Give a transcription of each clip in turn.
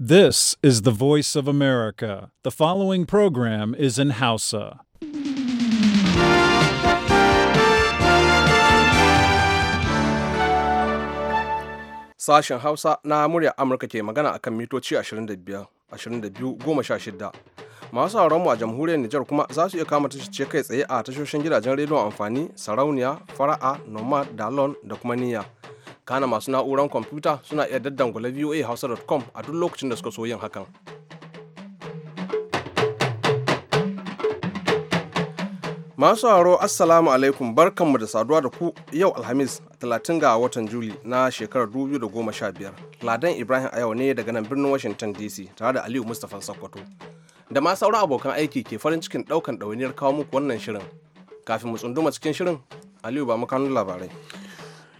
This is the voice of America. The following program is in Hausa. Sashen Hausa na murya Amurka ke magana akan mitoci 25, 22, Masu sauran mu a jamhuriyar Nijar kuma za su iya kama tashoci kai tsaye a tashoshin gidajen rediyon amfani, sarauniya, fara'a, nomad, dalon da kuma niyya. kana masu na'uran kwamfuta suna iya daddangula voa hausa.com a duk lokacin da suka so yin hakan masu sauraro assalamu alaikum barkanmu da saduwa da ku yau alhamis 30 ga watan juli na shekarar 2015 ladan ibrahim a yau ne daga nan birnin washington dc tare da aliyu mustapha sokoto da ma sauran abokan aiki ke farin cikin daukan ɗawainiyar kawo muku wannan shirin kafin mu tsunduma cikin shirin aliyu ba mu kano labarai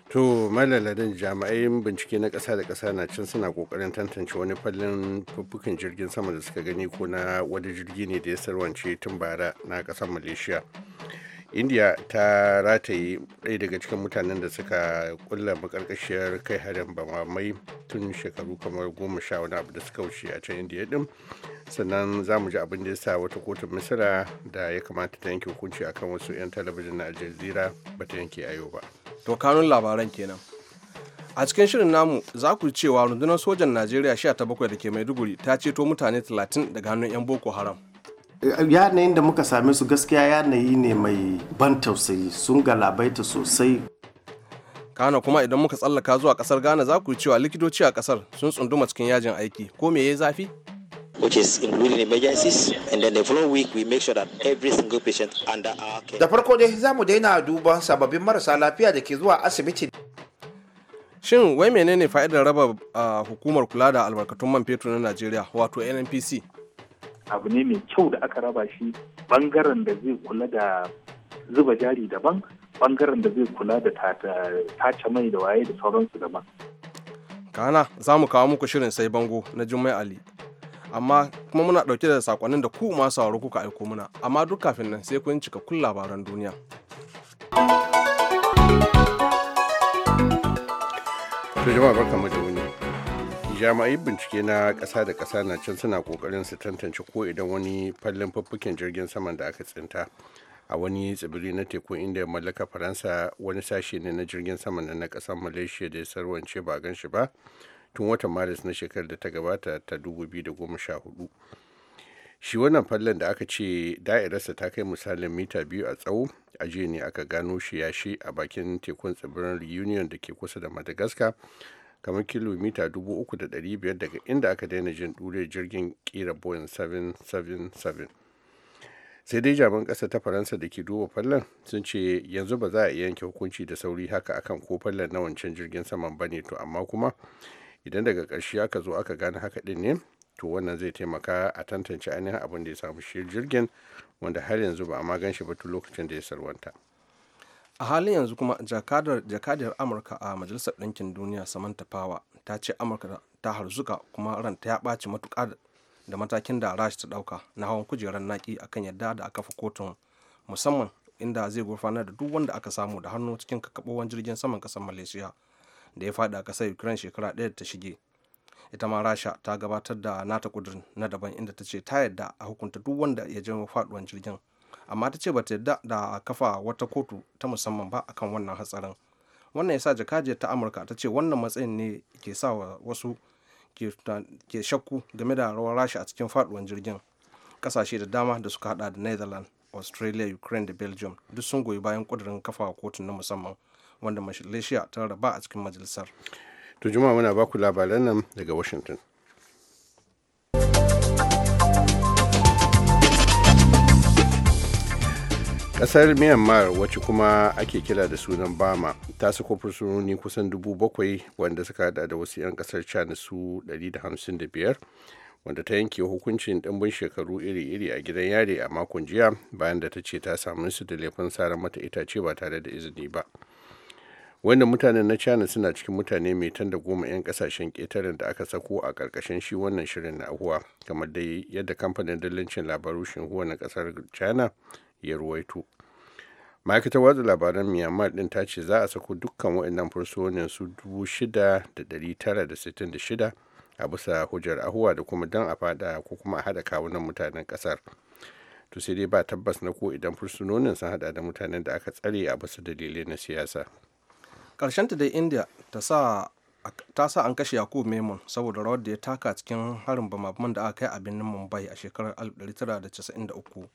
to malaladin jami'ai bincike na ƙasa da ƙasa na can suna ƙoƙarin tantance wani fallin fuffukan jirgin sama da suka gani ko na wani jirgi ne da ya sarwance tun bara na ƙasar malaysia india ta rataye ɗaya daga cikin mutanen da suka kulla makarkashiyar kai harin bamamai tun shekaru kamar goma sha wani abu da suka wuce a can india din sannan za mu ji abin da ya sa wata kotun misira da ya kamata ta yanke hukunci akan wasu 'yan talabijin na aljazeera ba ta yanke ayo ba to kanun labaran kenan a cikin shirin namu za ku cewa rundunar sojan najeriya 17 da ke maiduguri ta ceto mutane 30 daga hannun 'yan boko haram yanayin da muka same su gaskiya yanayi ne mai ban tausayi sun galabaita sosai kana kuma idan muka tsallaka zuwa kasar ghana za ku cewa likitoci a kasar sun tsunduma cikin yajin aiki ko me ya zafi which is including emergencies and then the following week we make sure that every single patient under our care. Da farko dai za mu daina duba sababbin marasa lafiya da ke zuwa asibiti. Shin wai menene fa'idar raba ah, hukumar kula da albarkatun man fetur na Najeriya wato NNPC abu ne mai kyau da aka raba shi bangaren da zai kula da zuba jari daban bangaren da zai kula da tace mai da waye da sauransu daban kana za mu kawo muku shirin sai bango na jummai ali amma kuma muna ɗauke da sakonnin da ku masu sauraro kuka aiko muna amma duk kafin nan sai kun cika kun labaran duniya to barka mu da wuni jami'ai bincike na ƙasa da ƙasa na can suna ƙoƙarin su tantance ko idan wani fallin fuffuken jirgin saman da aka tsinta a wani tsibiri na tekun inda mallaka faransa wani sashe ne na jirgin saman da na ƙasar malaysia da ya sarwance ba gan shi ba tun watan maris na shekarar da ta gabata ta 2014 shi wannan fallon da aka ce da'irarsa ta kai misalin mita biyu a tsawo a jiya ne aka gano shi yashi a bakin tekun tsibirin reunion da ke kusa da madagascar kamar kilomita 3,500 daga inda aka daina jin ɗure jirgin kira boeing 777 sai dai jaman ƙasa ta faransa da ke duba fallon sun ce yanzu ba za a iya yanke hukunci da sauri haka akan ko fallon na wancan jirgin saman ba ne to amma kuma idan daga ƙarshe aka zo aka gane haka ɗin ne to wannan zai taimaka a tantance ainihin abin da ya samu shi jirgin wanda har yanzu ba a magan shi ba tun lokacin da ya sarwanta. a halin yanzu kuma jakadiyar amurka a majalisar ɗinkin duniya samantha power ta ce amurka ta harzuka kuma ranta ya ɓaci matuƙa da matakin da rash ta ɗauka na hawan kujerar naki akan yadda da aka fi kotun musamman inda zai gurfanar da duk wanda aka samu da hannu cikin kakabowar jirgin saman ƙasar malaysia da ya faɗi a ƙasar ukraine shekara ɗaya da ta shige ita ma rasha ta gabatar da nata ƙudurin na daban inda ta ce ta yadda a hukunta duk wanda ya janyo faɗuwar jirgin amma ta ce bata yadda da kafa wata kotu ta musamman ba akan wannan hatsarin wannan ya sa jakajiyar ta amurka ta ce wannan matsayin ne ke sa wasu ke shakku game da rawar rasha a cikin faduwan jirgin kasashe da dama da suka hada da netherlands australia ukraine da belgium duk sun goyi bayan kudirin kafa kotun na musamman wanda malaysia ta raba a cikin majalisar to juma muna baku labaran nan daga washington kasar myanmar wacce kuma ake kira da sunan bama ta sako fursunoni kusan dubu bakwai wanda suka hada da wasu 'yan kasar china su 155 wanda ta yanke hukuncin ɗimbin shekaru iri-iri a gidan yare a makon jiya bayan da ta ce ta samu su da laifin sara mata itace ba tare da izini ba wanda mutanen na china suna cikin mutane mai tan da goma 'yan kasashen ketaren da aka sako a ƙarƙashin shi wannan shirin na ahuwa kamar dai yadda kamfanin dillancin labaru shinhuwa na kasar china ya ruwaito ma'aikatar watsa labaran myanmar din ta ce za a sako dukkan waɗannan fursunonin su 6,966 a bisa hujjar ahuwa da kuma don a fada ko kuma a haɗa kawunan mutanen ƙasar to sai dai ba tabbas na ko idan fursunonin sun haɗa da mutanen da aka tsare a bisa dalilai na siyasa ta dai india ta sa ta sa an kashe yakub memon saboda rawar da ya taka cikin harin bama da aka kai a birnin mumbai a shekarar 1993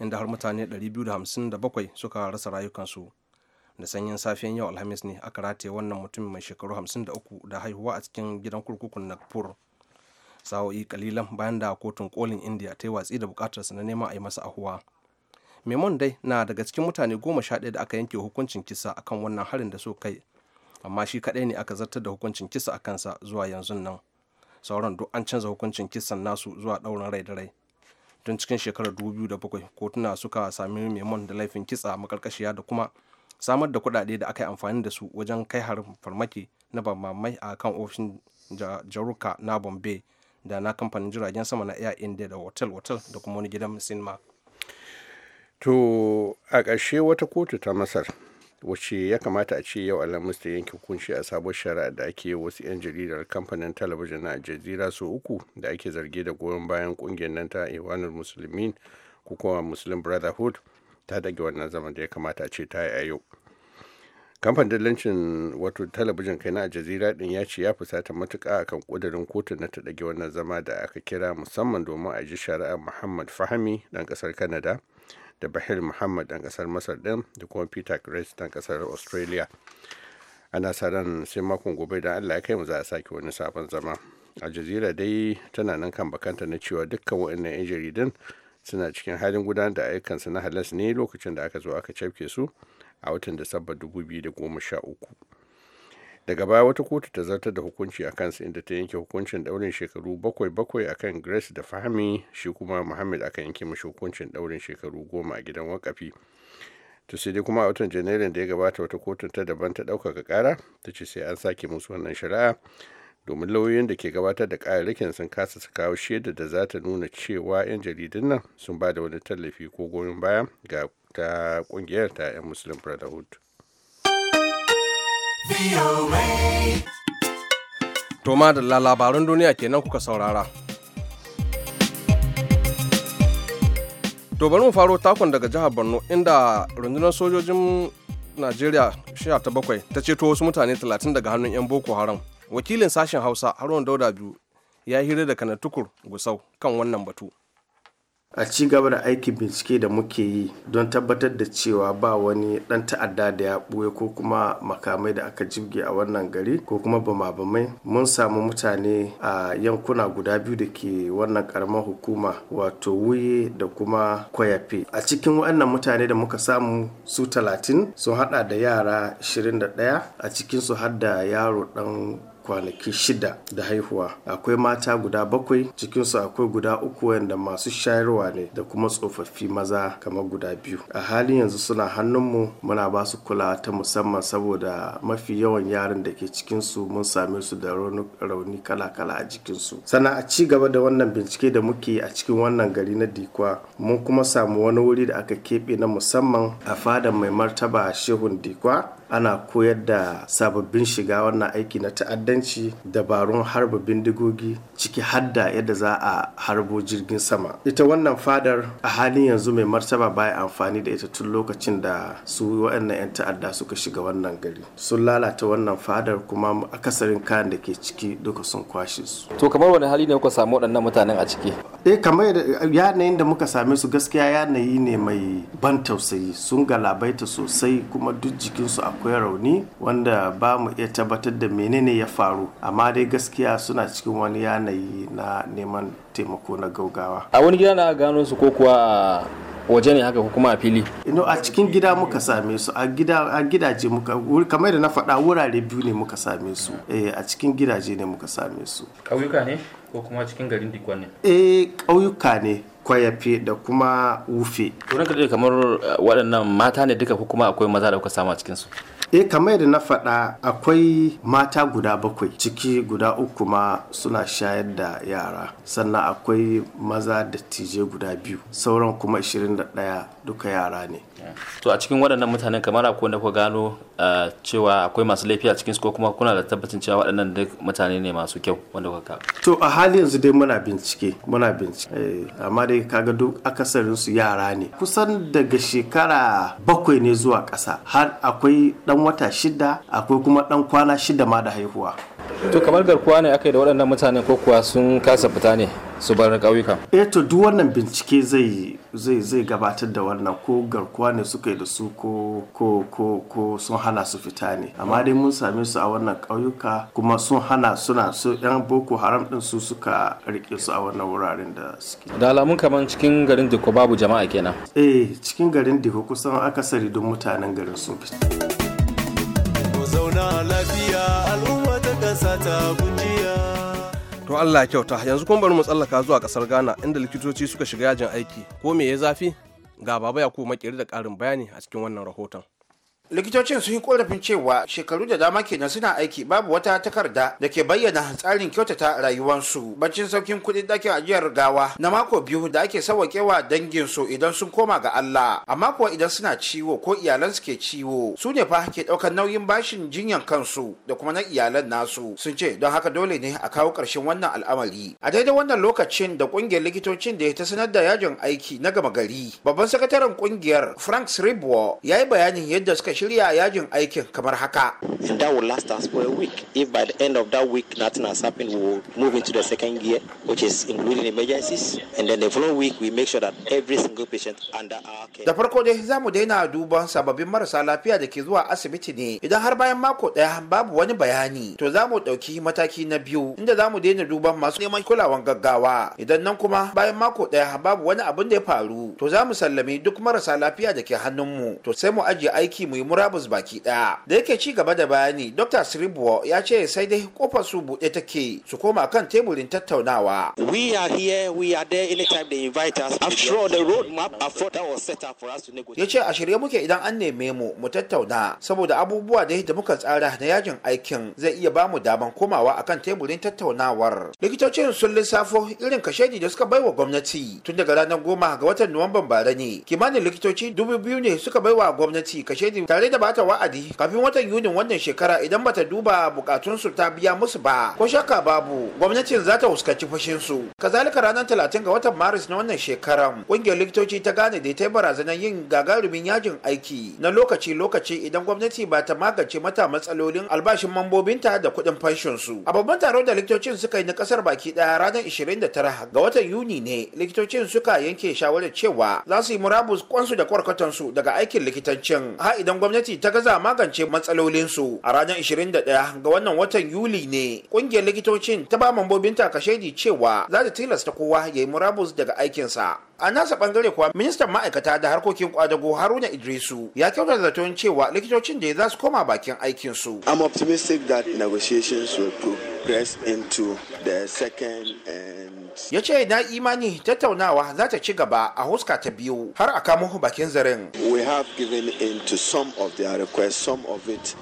inda har mutane 257 suka rasa rayukansu da sanyin safiyan yau alhamis ne aka rataye wannan mutum mai shekaru 53 da haihuwa a cikin gidan kurkukun nagpur sa'o'i kalilan bayan da kotun kolin india ta yi watsi da bukatarsa na neman a yi masa ahuwa memon dai na daga cikin mutane goma sha da aka yanke hukuncin kisa akan wannan harin da so kai amma shi kaɗai ne aka zartar da hukuncin kisa a kansa zuwa yanzu nan sauran duk an canza hukuncin kisan nasu zuwa ɗaurin rai da rai tun cikin shekarar 2007 kotuna suka sami memon da laifin kitsa makarkashiya da kuma samar da kudade da aka yi amfani da su wajen kai harin farmaki na bamamai a kan ofishin jaruka na bombay da na kamfanin jiragen sama na air india da otal-otal da kuma wani gidan sinima to a ƙarshe wata kotu ta masar wacce ya kamata a ce yau alhamis ta yanke hukunci a sabon shari'a da ake wasu 'yan jaridar kamfanin talabijin na jazira sau uku da ake zarge da goyon bayan kungiyar nan ta iwanul musulmin ko kuma muslim brotherhood ta dage wannan zama da ya kamata a ce ta yi a yau kamfan dillancin wato talabijin kai na jazira din ya ce ya fusata matuka akan kudirin kotun na ta dage wannan zama da aka kira musamman domin a ji shari'ar muhammad fahmi dan kasar canada da bahir muhammad dan ƙasar masar ɗin da kuma peter grace ɗan ƙasar australia ana sa ran sai makon gobe da allah ya kai mu za a sake wani sabon zama a jazira dai tana nan kan bakanta na cewa dukkan waɗannan 'yan jaridan suna cikin halin gudanar da ayyukansu na halas ne lokacin da aka zo aka cafke su a watan da sabba 2013 daga baya wata kotu ta zartar da hukunci a kansa inda ta yanke hukuncin daurin shekaru bakwai bakwai akan grace da fahmi shi kuma muhammad aka yanke mashi hukuncin daurin shekaru goma a gidan wakafi to sai dai kuma a watan janairun da ya gabata wata kotun ta daban ta ɗaukaka kara ta ce sai an sake musu wannan shari'a domin lauyoyin da ke gabatar da ƙararrakin sun kasa su kawo shaida da za ta nuna cewa 'yan jaridun nan sun ba da wani tallafi ko goyon baya ga ta ƙungiyar ta 'yan muslim brotherhood toma ma da labaran duniya kenan kuka saurara. To mu faro takon daga jihar Borno inda rundunar sojojin Najeriya 17 ta ceto wasu mutane 30 daga hannun 'yan Boko Haram. Wakilin sashen Hausa Haruna Dauda biyu ya hira da kanatukur gusau kan wannan batu. a ci gaba da aikin bincike da muke yi don tabbatar da cewa ba wani dan ta'adda da ya ɓoye ko kuma makamai da aka jibge a wannan gari ko kuma bama mun samu mutane a yankuna guda biyu da ke wannan karamar hukuma wato wuye da kuma kwayafe a cikin wannan mutane da muka samu su talatin sun hada da yara 21 a cikin su har da yaro dan kwanaki shida da haihuwa akwai mata guda bakwai cikinsu akwai guda uku wanda masu shayarwa ne da kuma tsofaffi maza kamar guda biyu a halin yanzu suna hannunmu muna ba su kula ta musamman saboda mafi yawan yaran da ke cikinsu mun same su da rauni kala-kala a jikinsu sannan a ci gaba da wannan bincike da muke a cikin wannan gari na dikwa mun kuma samu wani wuri da aka keɓe na musamman a fadan mai martaba shehun dikwa ana koyar da sababbin shiga wannan aiki na ta'addanci dabarun harba bindigogi ciki hadda yadda za a harbo jirgin sama ita wannan fadar a halin yanzu mai martaba baya amfani da ita tun lokacin da su waɗannan 'yan ta'adda suka shiga wannan gari sun lalata wannan fadar kuma akasarin kayan da ke ciki duka sun kwashe su to kamar wani hali ne kuka samu waɗannan mutanen a ciki eh kamar yanayin da muka same su gaskiya yanayi ne mai ban tausayi sun galabaita sosai kuma duk jikinsu a akwai rauni wanda ba mu iya tabbatar da menene ya faru amma dai gaskiya suna cikin wani yanayi na neman taimako na gaugawa a wani gida na gano su ko kuwa waje ne haka kuma a fili ino a cikin gida muka same su a gida a gidaje muka kamar da na faɗa wurare biyu ne muka same su eh a cikin gidaje ne muka same su ƙauyuka ne ko kuma cikin garin dikwan ne eh ƙauyuka ne kwayafe da kuma wufe. Wurin ka kamar eh, waɗannan mata ne duka ko kuma akwai maza da kuka samu a cikinsu? E kamar da na faɗa akwai mata guda bakwai ciki guda uku ma suna shayar da yara sannan akwai maza da tije guda biyu sauran kuma 21 duka yara ne to a cikin waɗannan mutanen kamar akwai na ku gano cewa akwai masu laifi a cikinsu ko kuma kuna da tabbacin cewa waɗannan duk mutane ne masu kyau wanda kuka to a hali yanzu dai muna bincike muna bincike eh, amma dai kaga duk akasarin su yara ne kusan daga shekara bakwai ne zuwa ƙasa har akwai ɗan wata shida akwai kuma ɗan kwana shida ma da haihuwa to kamar garkuwa ne aka yi da waɗannan mutane ko kuwa sun kasa fita ne su bar ƙauyuka eh to duk wannan bincike zai gabatar da wannan ko garkuwa ne suka yi da su ko ko ko ko sun hana su fita ne amma dai mun same su a wannan ƙauyuka kuma sun hana suna su yan boko haram din su suka rike su a wannan wuraren da suke da alamun kaman cikin garin diko babu jama'a kenan eh cikin garin diko kusan akasari don mutanen garin sun fita ta kunjiya to Allah kyauta yanzu kun bari mu tsallaka zuwa kasar Ghana inda likitoci suka shiga yajin aiki ko me ya zafi ga baba ya ko makeri da ƙarin bayani a cikin wannan rahoton likitocin sun yi korafin cewa shekaru da dama kenan suna aiki babu wata takarda da ke bayyana tsarin kyautata rayuwarsu bacin saukin kuɗin ɗakin ajiyar gawa na mako biyu da ake sauwaƙewa dangin su idan sun koma ga Allah amma kuwa idan suna ciwo ko iyalan su ke ciwo su ne fa ke ɗaukar nauyin bashin jinyan kansu da kuma na iyalan nasu sun ce don haka dole ne a kawo ƙarshen wannan al'amari a daidai wannan lokacin da ƙungiyar likitocin da ya ta sanar da yajin aiki na gama gari babban sakataren ƙungiyar Frank Sribo ya yi bayanin yadda suka shirya yajin aikin kamar haka. that by the end of that week move into second gear, which including emergencies. And we make sure that every Da farko dai za mu daina duban sababbin marasa lafiya da ke zuwa asibiti ne. Idan har bayan mako ɗaya babu wani bayani, to za mu ɗauki mataki na biyu inda za mu daina duban masu neman kulawan gaggawa. Idan nan kuma bayan mako ɗaya babu wani abin da ya faru, to za mu sallame duk marasa lafiya da ke hannunmu. To sai mu ajiye aiki mu yi murabus baki daya. da yake ci gaba da bayani dr sribo ya ce sai dai kofar su buɗe take su koma kan teburin tattaunawa we are here we are there anytime they invite us sure the road map was set up for us a shirye muke idan an neme mu mu tattauna saboda abubuwa da da muka tsara na yajin aikin zai iya bamu daman komawa akan teburin tattaunawar likitocin sun lissafo irin kashedi da suka baiwa gwamnati tun daga ranar goma ga watan nuwamban bara ne kimanin likitoci dubu biyu ne suka baiwa gwamnati kashedi tare tare da bata wa'adi kafin watan Yuni wannan shekara idan bata duba bukatunsu ta biya musu ba ko shakka babu gwamnatin za ta fuskanci fashinsu kazalika ranar talatin ga watan maris na wannan shekaran kungiyar likitoci ta gane da ta yi barazanar yin gagarumin yajin aiki na lokaci-lokaci idan gwamnati ba ta magance mata matsalolin albashin mambobinta da kuɗin fanshinsu a babban taron da likitocin suka yi na ƙasar baki ɗaya ranar ishirin da tara ga watan yuni ne likitocin suka yanke shawarar cewa za su yi murabus kwansu da kwarkwatansu daga aikin likitancin har idan gwamnati ta gaza magance matsalolinsu a ranar 21 ga wannan watan Yuli ne kungiyar likitocin ta ba mambobinta shaidi cewa za ta tilasta kowa ya yi murabus daga aikinsa. a nasa bangare kuwa ministan ma'aikata da harkokin kwadago haruna idrisu ya kyauta zaton cewa likitocin da ya za su koma bakin aikinsu i'm optimistic that negotiations will progress into the second ya ce na imani tattaunawa za ta ci gaba a huska ta biyu har a kamo bakin zaren we have given in to some of their requests some of it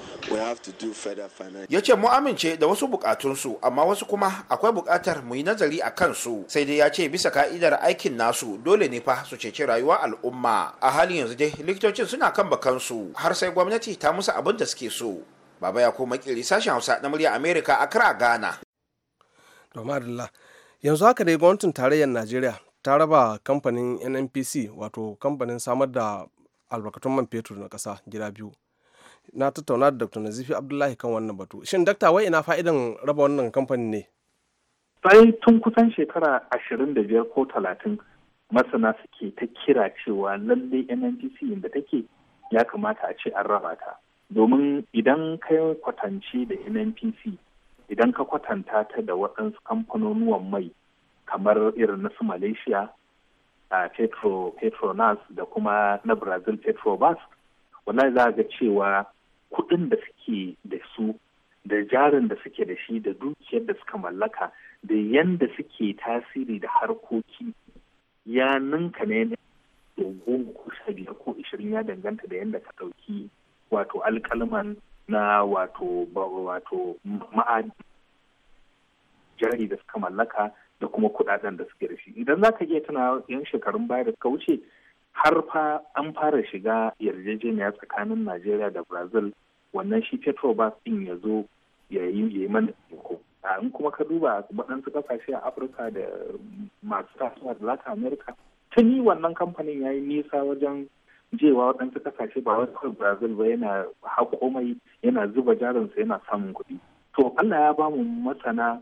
ya ce mu amince da wasu bukatunsu amma wasu kuma akwai bukatar mu yi nazari a kansu sai dai ya ce bisa ka'idar aikin nasu dole ne fa su ceci rayuwa al'umma a halin yanzu dai likitocin suna kan bakansu har sai gwamnati ta musu abin da suke so baba ya koma kiri sashen hausa na murya Amerika a kira ghana yanzu haka dai gwamnatin tarayyar najeriya ta raba kamfanin nnpc wato kamfanin samar da albarkatun man fetur na kasa gida biyu na tattauna da dr nazifi abdullahi kan wannan batu shin dakta wai ina fa'idan raba wannan kamfanin ne sai tun kusan shekara ashirin da biyar ko talatin masana suke ta kira cewa lalle nnpc inda take ya kamata a ce an raba ta domin idan kai kwatance da nnpc idan ka kwatanta ta da waɗansu kamfanonuwan mai kamar irin na su malaysia a petro petronas da kuma na brazil petrobas wannan za ga cewa kuɗin da suke da su da jarin da suke da shi da dukiyar da suka mallaka da yanda suke tasiri da harkoki ya ninka ne goma ko sha biyar ko ishirin ya danganta da yanda ka ɗauki wato alkalman na wato wato jari da suka mallaka da kuma kudaden da suke da shi idan za ka iya tana yan shekarun baya da suka wuce har fa an fara shiga yarjejeniya tsakanin najeriya da brazil wannan shi petrobas din ya zo ya yi mana teku in kuma ka duba waɗansu kasashe a afirka da masu tasowa da latin america tuni wannan kamfanin ya yi nisa wajen jewa waɗansu kasashe ba wani kawai brazil ba yana haƙomai yana zuba jarinsa yana samun kuɗi to allah ya bamu masana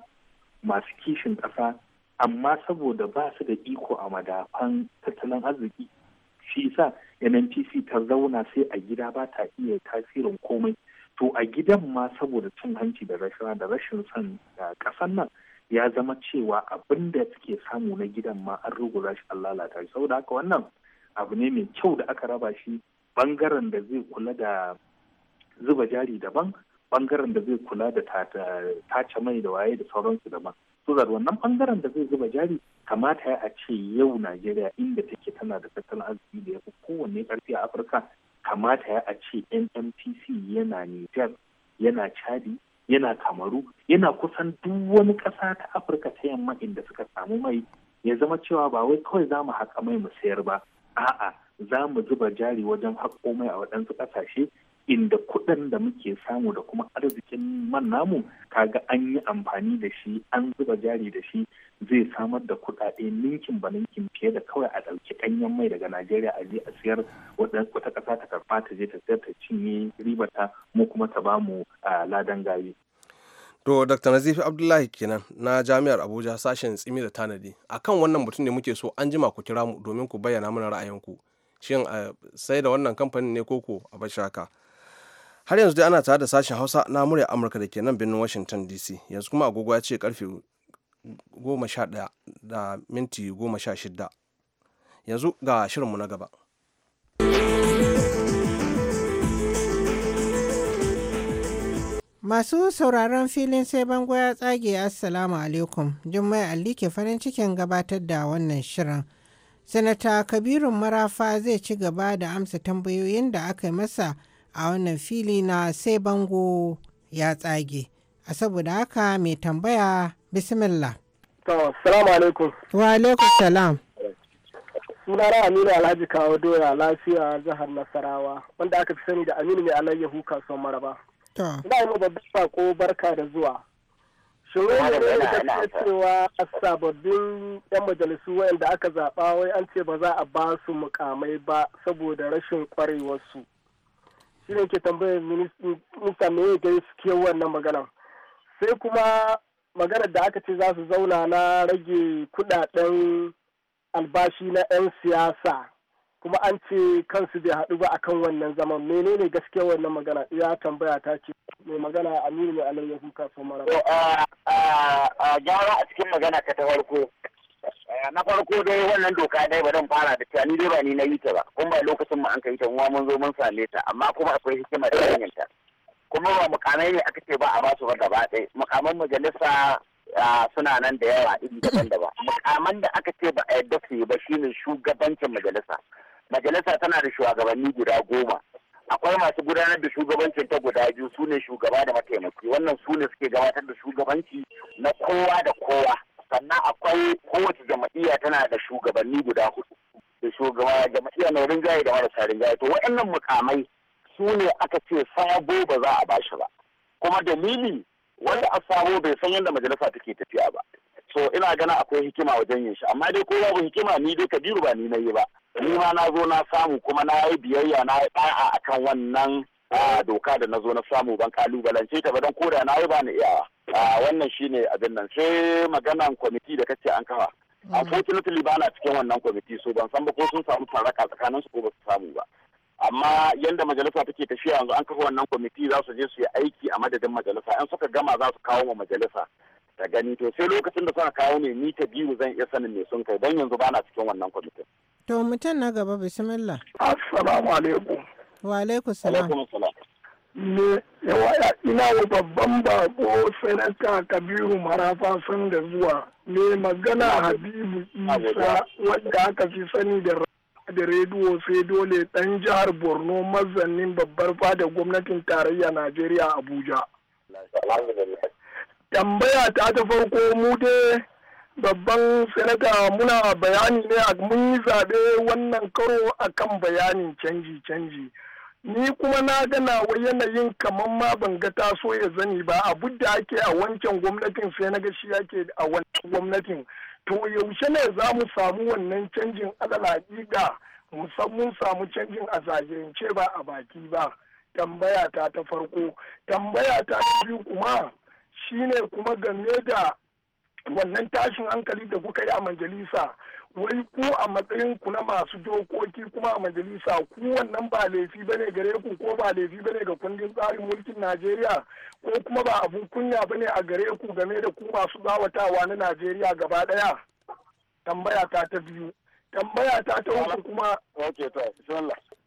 masu kishin ƙasa amma saboda ba su da iko a madafan tattalin arziki shi sa nnpc ta zauna sai a gida ba ta iya tasirin komai to a gidan ma saboda cin hanci da rashawa da rashin son ƙasan nan ya zama cewa abinda da suke samu na gidan ma an rugura shi allah lalata shi saboda haka wannan abu ne mai kyau da aka raba shi bangaren da zai kula da zuba jari daban bangaren da zai kula da tace mai da waye da sauransu daban su da wannan bangaren da zai zuba jari kamata ya a ce yau najeriya inda take tana da tattalin arziki da ya fi kowanne karfi a afirka kamata ya a ce nnpc yana niger yana chadi yana kamaru yana kusan duk wani ƙasa ta afirka ta yamma inda suka samu mai ya zama cewa ba wai kawai za mu haƙa mai mu sayar ba a'a za mu zuba jari wajen haƙo mai a waɗansu ƙasashe inda kuɗin da muke samu da kuma arzikin man namu kaga an yi amfani da shi an zuba jari da shi zai samar da kuɗaɗe ninkin ba ninkin fiye da kawai a ɗauki ɗanyen mai daga najeriya a je a siyar wata ƙasa ta karɓa ta je ta siyar ta cinye ribata mu kuma ta bamu ah, ladan gari To Dr. Nazifi Abdullahi kenan na Jami'ar Abuja sashen tsimi da tanadi. Akan wannan mutum ne muke so an jima ku kira mu domin ku bayyana mana ra'ayinku. Shin sai da wannan kamfanin ne koko a bashaka. Har yanzu dai ana tare da sashen Hausa na murya Amurka da ke nan birnin Washington DC. Yanzu kuma agogo ya ce karfe goma sha da minti goma sha shida. Yanzu ga shirinmu na gaba. Masu sauraron filin sai bango ya tsage Assalamu alaikum. Jummai Ali ke farin cikin gabatar da wannan shirin. Sanata Kabirun Marafa zai ci gaba da amsa tambayoyin da aka masa a wannan fili na sai bango ya tsage. A saboda haka mai tambaya bismillah. To, salamu alaikum. Wa alaikum salam. Sunana Aminu Alhaji Kawo Doya lafiya jihar Nasarawa wanda aka fi sani da Aminu mai alayyahu kasuwar Maraba. Na yi babban ko barka da zuwa. Shiru ne da cewa a sababbin 'yan majalisu wayanda aka zaɓa wai an ce ba za a ba su mukamai ba saboda rashin kwarewarsu. Shi ne ke tambayar minista me ya suke wannan maganan. Sai kuma maganar da aka ce za su zauna na rage kudaden albashi na 'yan siyasa kuma an ce kansu bai haɗu ba akan wannan zaman menene gaskiya wannan magana ya tambaya ta ce mai magana aminu mai alayya huka sun mara a gyara a cikin magana ka ta farko eh, na farko dai wannan doka dai ba zan fara da cewa ni dai ba ni na yi ta ba kuma ba lokacin mu an kai ta mun zo mun same ta amma kuma akwai hikimar da ta kuma ba mukamai ne aka ce ba a ba su ba gaba ɗaya mukaman majalisa suna nan da yawa iri daban-daban mukaman da aka ce ba a yadda su yi ba shine shugabancin majalisa majalisa tana da shugabanni guda goma akwai masu gudanar da shugabancin ta guda biyu su ne shugaba da mataimaki wannan su ne suke gabatar da shugabanci na kowa da kowa sannan akwai kowace jam'iyya tana da shugabanni guda hudu da shugaba jama'iya mai rinjaye da marasa rinjaye to waɗannan mukamai su ne aka ce sabo ba za a ba shi ba kuma dalili wanda a samu bai san yadda majalisa take tafiya ba so ina gana akwai hikima wajen yin shi amma dai ko babu hikima ni dai kabiru ba ni na yi ba ni ma na zo na samu kuma na yi biyayya na yi ɗa'a akan wannan doka da na zo na samu ban kalubalance ta ba don koda na yi ba ni iyawa wannan shine abin nan sai maganan kwamiti da kace an kawa mm. unfortunately ba na cikin wannan kwamiti so ban san ba ko sun samu faraka tsakanin su ko ba su samu ba amma yadda majalisa take tafiya yanzu an kafa wannan kwamiti za su je su yi aiki a madadin majalisa yan suka gama za su kawo ma majalisa ta gani to sai lokacin da suka kawo ne ni ta biyu zan iya sanin me sun kai don yanzu bana cikin wannan kwamiti. to mutum na gaba bismillah. assalamu alaikum. wa alaikum salam. ne yawa ina wa babban bako sanata kabiru marafa sun da zuwa ne magana habibu isa wadda aka fi sani da da rediyo sai dole ɗan jihar borno mazannin babbar fada gwamnatin tarayya najeriya abuja tambaya ta ta farko mu da babban sanata muna bayani ne a mun yi zaɓe wannan karo a kan bayanin canji-canji ni kuma na gana wa yanayin kamar ma ban ga taso ya zani ba abu da ake a wancan gwamnatin sai na ga shi ake a wancan gwamnatin to yaushe ne za mu samu wannan canjin mu san musamman samu canjin a zagayance ba a baki ba tambaya ta ta farko tambaya ta ta biyu kuma shine kuma game da wannan tashin hankali da kuka yi a majalisa wai ku a matsayin ku na masu dokoki kuma a majalisa ku wannan ba laifi bane gare ku ko ba laifi bane ga kundin tsarin mulkin Najeriya ko kuma ba abun kunya bane a gare ku game da ku masu zawatawa na Najeriya gaba daya tambaya ta ta biyu tambaya ta ta uku kuma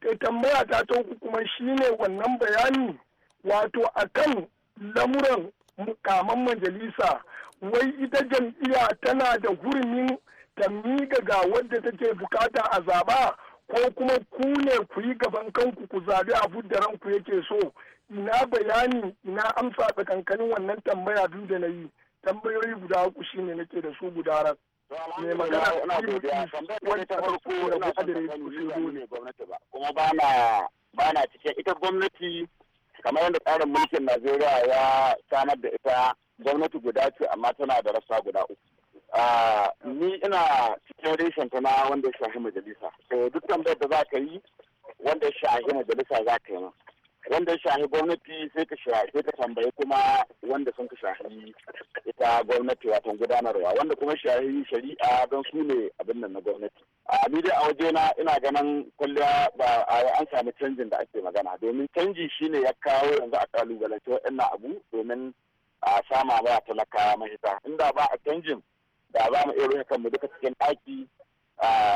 eh, tambaya ta ta uku kuma shine wannan bayani wato akan lamuran mukaman majalisa wai ita jam'iyya tana da hurumin ta miƙa ga wadda take bukata a zaɓa ko kuma ku ne ku yi gaban kanku ku zaɓi abu da ranku yake so ina bayani ina amsa kankanin wannan tambaya duk da na yi tambayoyi guda uku shine nake da su guda ran magana wani ta farko da ne gwamnati ba kuma ba na ba ita gwamnati kamar yadda tsarin mulkin najeriya ya samar da ita gwamnati guda ce amma tana da rasa guda uku ni ina cikin reshen ta na wanda ya shahi majalisa to duk tambayar da za ka yi wanda ya shahi majalisa za ka yi ma. wanda ya shahi gwamnati sai ka sai ka tambayi kuma wanda sun ka shahi ita gwamnati watan gudanarwa wanda kuma shahi shari'a don su ne abin nan na gwamnati a ni dai a waje na ina ganin kwalliya ba a an sami canjin da ake magana domin canji shine ya kawo yanzu a kalubalance waɗannan abu domin a sama ba talaka mahita inda ba a canjin da za mu iya rufe kanmu duka cikin ɗaki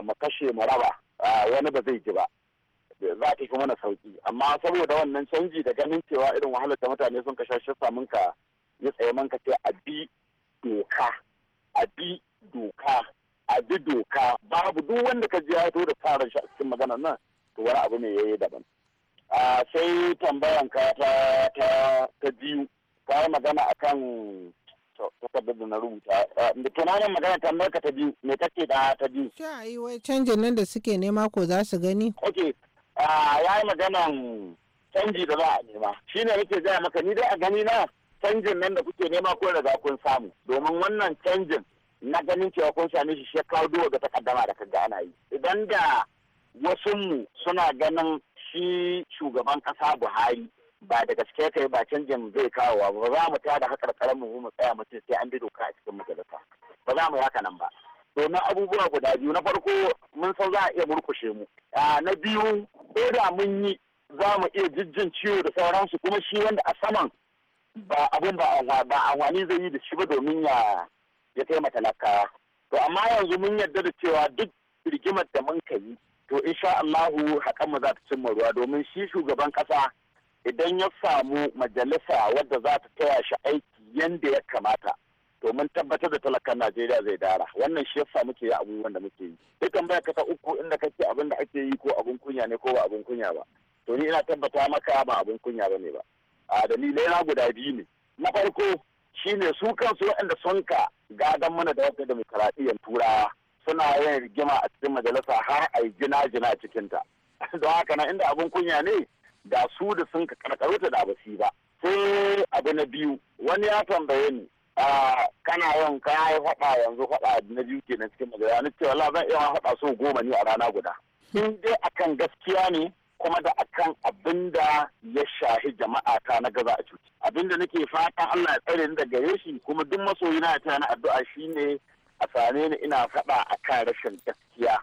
mu kashe mu raba wani ba zai ji ba za ta fi mana sauki amma saboda wannan canji da ganin cewa irin wahalar da mutane sun kashe shi samun ka ya tsaye man ka a bi doka a bi doka a bi doka babu duk wanda ka ji ya da fara shi a cikin maganar nan to wani abu ne yayi daban sai tambayan ka ta ta biyu ka magana akan Ah, da tunanin magana ta amurka ta biyu me take da ta biyu ta yi wai canjin nan da suke nema ko za su gani ok ah, ya yi maganan canji da za a nema shi ne nake gaya maka ni dai a gani na canjin nan da kuke nema ko daga kun samu domin wannan canjin na ganin cewa kun same shi shi kawo duwa ga takaddama da kaga ana yi idan da wasunmu suna ganin shi shugaban kasa buhari ba da gaske kai ba canjin zai kawo ba ba za mu hakar hakarkaran mu mu tsaya mutum sai an bi doka a cikin majalisa ba za mu yi haka nan ba domin abubuwa guda biyu na farko mun san za a iya murkushe mu na biyu ko da mun yi za mu iya jijjin ciwo da sauransu kuma shi wanda a saman ba abin ba ba amfani zai yi da shi ba domin ya ya taimaka talakawa to amma yanzu mun yarda da cewa duk rigimar da mun ka yi to insha Allahu hakan mu za ta cimma ruwa domin shi shugaban kasa idan ya samu majalisa wadda za ta taya shi aiki yadda ya kamata domin tabbatar da talakan Najeriya zai dara wannan shi yasa muke yi abubuwan da muke yi dukan baya kasa uku inda kake abin da ake yi ko abin kunya ne ko ba abin kunya ba to ni ina tabbata maka ba abin kunya bane ba a dalilai na guda biyu ne na farko shine su kansu waɗanda sun ka gadon mana da wata demokaradiyyar turawa suna yin rigima a cikin majalisa har a yi jina jina cikinta don haka na inda abin kunya ne da su da sun karkaru ta da basi ba sai abu na biyu wani ya tambaye ni kana yawan kayan yi faɗa yanzu faɗa na biyu kenan cikin magana ni cewa wala zan iya faɗa so goma ne a rana guda in dai akan gaskiya ne kuma da akan abin da ya shahi jama'a ta na gaza a cuci abin da nake fatan Allah ya tsare ni daga shi kuma duk masoyina ya ta na addu'a shine a same ni ina faɗa akan rashin gaskiya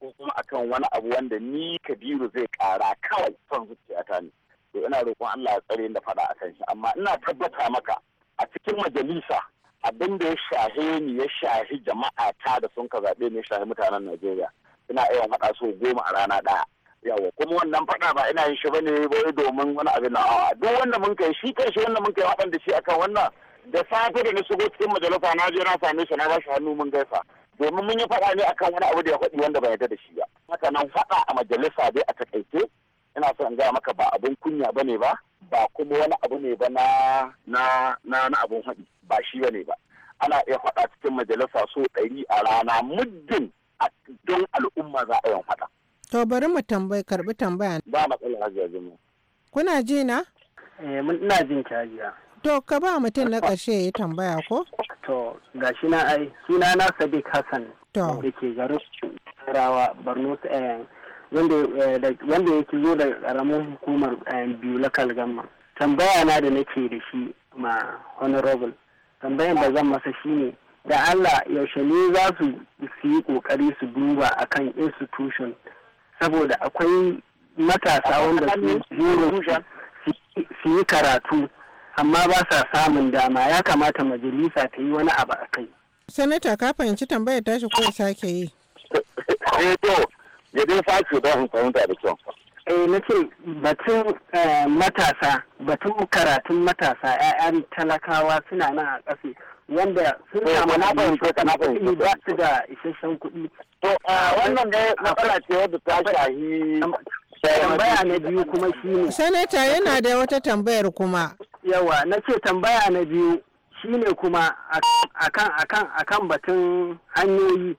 ko kuma akan wani abu wanda ni kabiru zai kara kawai son zuciyata ne to ina roƙon Allah ya tsare da faɗa akan shi amma ina tabbata maka a cikin majalisa abin da ya shahe ni ya shahi jama'a ta da sun ka zaɓe ne shahi mutanen Najeriya ina iya faɗa so goma a rana ɗaya yawa kuma wannan faɗa ba ina yin shi bane ne domin wani abin na aa duk wanda mun kai shi kai shi wanda mun kai wadanda shi akan wannan da safe da na shigo cikin majalisa na je na same shi na ba shi hannu mun gaisa domin mun yi faɗa ne akan wani abu da ya faɗi wanda bai yarda da shi ba haka nan faɗa a majalisa dai a takaice ina so in gaya maka ba abun kunya bane ba ba kuma wani abu ne ba na na abun haɗi ba shi bane ba ana iya faɗa cikin majalisa so ɗari a rana muddin a don al'umma za a yi faɗa. To bari mu tambayi karɓi tambaya. Ba matsala hajiya Kuna ji na? Eh ina jin kajiya. To, ka ba mutum na ƙarshe ya tambaya ko? To, ga shi na ai, suna na Sadiq Hassan. To. Da ke garin Rawa, Borno, eh, eh, wanda yake zo da ƙaramin hukumar eh, biyu lakal gamma. Tambaya na da nake da shi ma honorable. Tambayan da zan masa shi ne, da Allah yaushe ne za su yi ƙoƙari su duba akan institution saboda akwai matasa wanda su yi karatu amma ba sa samun dama ya kamata majalisa ta yi wani abu a kai. Sanata ka fahimci tambayar tashi ko sake yi. Eh to, ya dai sake don fahimta da kyau. eh na ce batun eh, matasa batun karatun matasa 'ya'yan talakawa suna nan a ƙasa wanda sun eh, samu na ka na fahimta. ba su da isasshen kuɗi. to ah, wannan dai matsala ce wadda ta shahi tambaya na biyu kuma shi ne. sanata yana da wata tambayar kuma yawa na ce tambaya na biyu shine kuma akan akan batun hanyoyi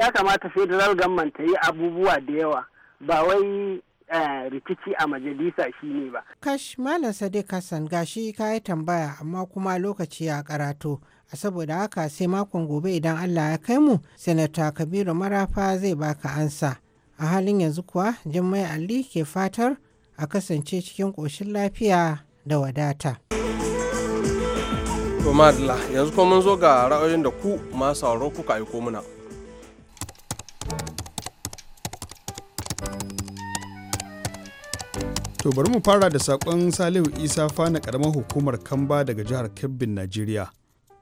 ya kamata federal government ta yi abubuwa da yawa ba wai eh, rikici a majalisa shine ba kash malam sadiq hassan gashi ka yi tambaya amma kuma lokaci ya karato a saboda haka sai makon gobe idan allah ya kai mu sanata kabiru marafa zai baka ansa a halin yanzu kuwa jummai ali ke fatar a kasance cikin ƙoshin lafiya da wadata. Tomadla yanzu kuma mun zo ga ra'ayoyin da ku masu sauraro kuka aiko mana. To bari mu fara da saƙon Salihu Isa fana ƙaramar hukumar Kamba daga jihar Kebbin, Najeriya.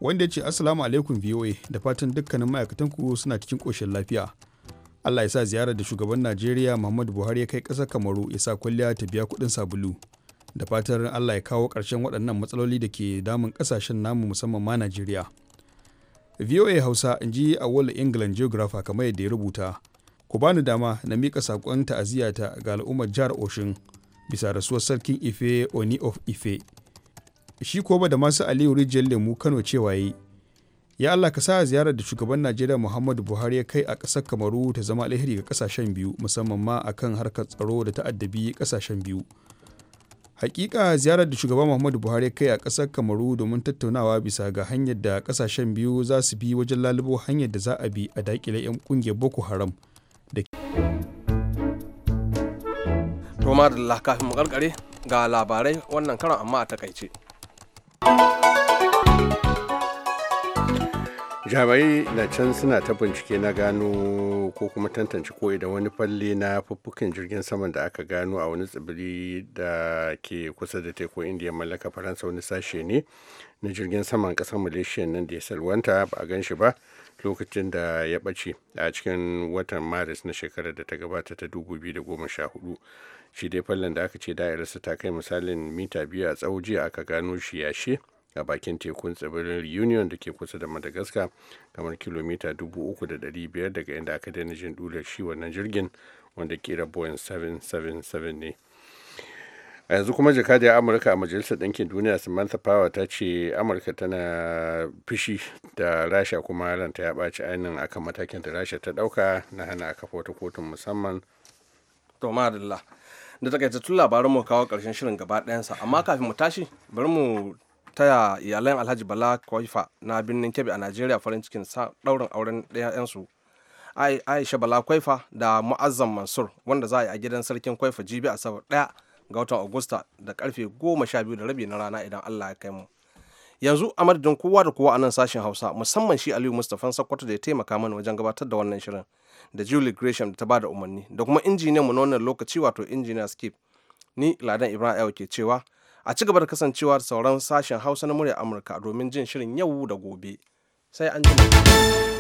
Wanda ya ce Assalamu alaikum VOA da fatan dukkanin ma'aikatan ku suna cikin ƙoshin lafiya. Allah ya sa ziyarar da shugaban Najeriya Muhammadu Buhari ya kai ƙasar Kamaru ya sa kwalliya ta biya kuɗin sabulu. Da fatar Allah ya kawo ƙarshen waɗannan matsaloli da ke damun ƙasashen namu musamman ma Najeriya. VOA Hausa in ji a Awol England Geographer kamar yadda ya rubuta. Ku bani dama na miƙa saƙon ta'aziyata ga al'ummar jihar Oshin bisa rasuwar sarkin Ife Oni of Ife. Shi ko ba da masu Aliyu Rijiyar Lemu Kano cewa yi ya Allah ka sa ziyarar da shugaban Najeriya Muhammadu Buhari ya kai a ƙasar Kamaru ta zama alheri ga ƙasashen biyu musamman ma akan harkar tsaro da ta'addabi ƙasashen biyu. Hakika ziyarar da shugaban Muhammadu Buhari ya kai a ƙasar Kamaru domin tattaunawa bisa ga hanyar da ƙasashen biyu za su bi wajen lalubo hanyar da za a bi a daƙile 'yan ƙungiyar Boko Haram. da da kafin mu ga labarai wannan karan amma a takaice. jami'ai na can suna ta bincike na gano ko kuma tantance ko da wani falle na fuffukin jirgin saman da aka gano a wani tsibiri da ke kusa da teku indiya mallaka faransa wani sashe ne na jirgin saman kasar malaysia nan da ya salwanta ba a gan shi ba lokacin da ya ɓace a cikin watan maris na shekarar da ta gabata ta 2014 shi dai fallon da aka ce da'irarsa ta kai misalin mita biyu a tsawo jiya aka gano shi yashe a bakin tekun tsibirin reunion da ke kusa da madagascar kamar kilomita 3,500 daga inda aka daina jin dular shi wannan jirgin wanda kira boeing 777 ne a yanzu kuma jakadiyar amurka a majalisar ɗinkin duniya samantha power ta ce amurka tana fishi da rasha kuma ranta ya ɓaci ainihin akan matakin da rasha ta ɗauka na hana aka wata kotun musamman da takaitattun labaran mu kawo karshen shirin gaba ɗayansa amma kafin mu tashi bari mu ta iyalan alhaji bala kwaifa na birnin kebe a najeriya farin cikin daurin auren ɗayansu aisha bala kwaifa da mu'azzam mansur wanda za a yi a gidan sarkin kwaifa jibi a sabar ɗaya ga watan agusta da karfe goma sha biyu da rabi na rana idan allah ya kai mu yanzu a madadin kowa da kowa a nan sashen hausa musamman shi aliyu mustapha sakkwato da ya taimaka mana wajen gabatar da wannan shirin da julie gresham da ta bada umarni da kuma injiniyan mu na wannan lokaci wato injiniya skip ni ladan ibrahim ke cewa a ci gaba da kasancewa sauran sashen hausa na murya amurka domin jin shirin yau da gobe sai an jima